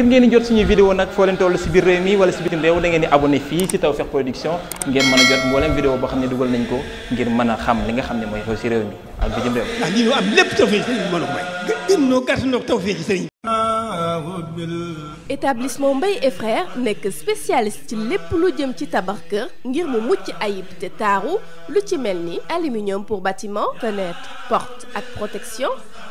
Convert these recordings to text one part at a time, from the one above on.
ngir ngeen di jot suñuy vidéo nag foo leen toll si biir réew mi wala si bitim réew da ngeen di abonné fii si Tawfekh Production ngeen mën a jot mboolem vidéo boo xam ne dugal nañ ko ngir mën a xam li nga xam ne mooy xew si réew mi ak bitim réew. ndax lii ñu am lépp tawfeex sëriñ bi mën a may. gën noo gàtt noo tawfeex sëriñ établissement Mbaye et frères nekk spécialiste ci lépp lu jëm ci tabax kër ngir mu mucc ayib te taaru lu ci mel ni aluminium pour bâtiment fenêtre porte ak protection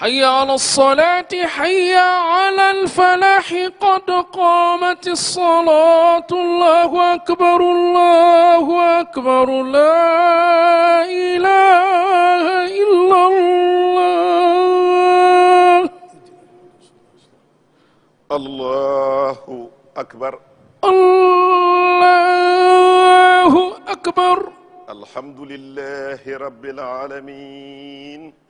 حي على الصلاة حي على الفلاح قد قامت الصلاة الله أكبر الله أكبر لا إله إلا الله الله أكبر الله أكبر الحمد لله رب العالمين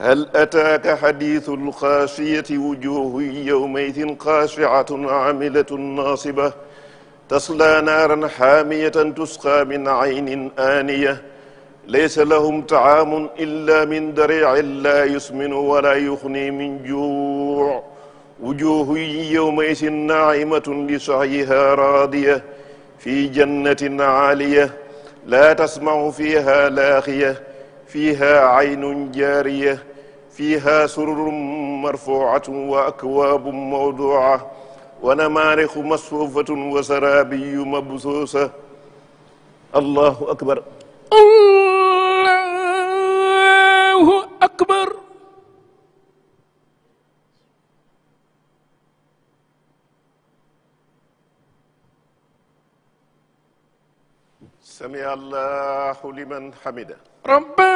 هل أتاك حديث الخاشية وجوه يومئذ خاشعة عاملة ناصبة تصلى نارا حامية تسقى من عين آنية ليس لهم طعام إلا من دريع لا يسمن ولا يغني من جوع وجوه يومئذ ناعمة لسعيها راضية في جنة عالية لا تسمع فيها لاخية fiiha aynun jaariya fiiha sururun marfuuatun wa akwaabun mawduuca wa namaarixu masfuufatun wa saraabiyu mabsuusa allahu akbar allahu akbar sami allahu liman hamida rabba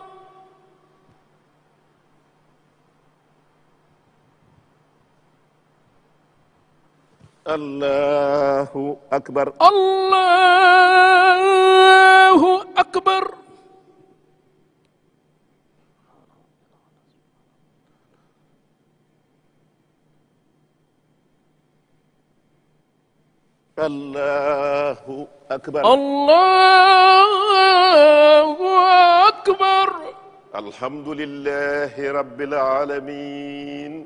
allahu akbar allahu akbar allahu akbar allahu akbar alhamdulillahi rabbil alamin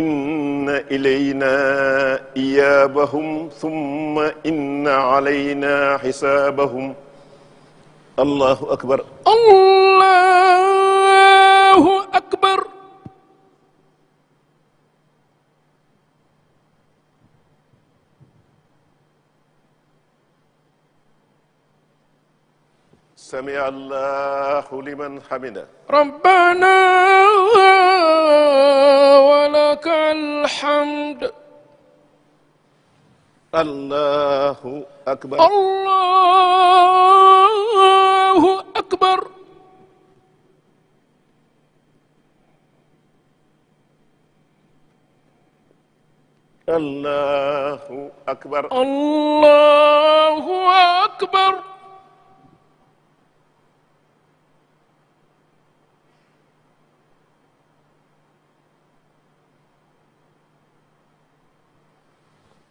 inna ilayna iyaabahum thumma inna alayna xisaabahum allahu akbar allahu akbar sami allahu liman hamida rabbana الحمد الله أكبر الله أكبر الله أكبر الله أكبر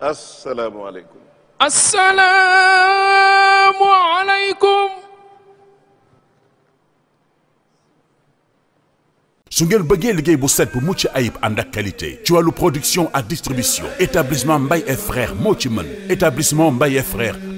asalaamualeykum. asalaamualeykum. su ngeen bëggee liggéey bu set mucc ayib ànd ak qualité ci wàllu production ak distribution établissement Mbaye et frères moo ci mën établissement Mbaye et frères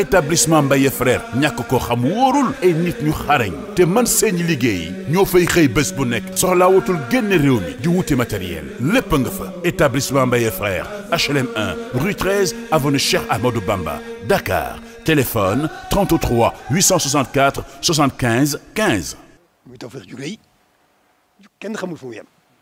établissement Mbaye frère ñàkk koo xamu wóorul ay nit ñu xarañ te man seeni liggéey ñoo fay xëy bés bu nekk soxlaa wutul réew mi di wuti matériel lépp nga fa établissement Mbaye frère HLM 1 rue 13 avenue Cheikh Amadou Bamba Dakar téléphone 33 864 75 15. quinze mu ju rëy kenn xamul fu mu yem.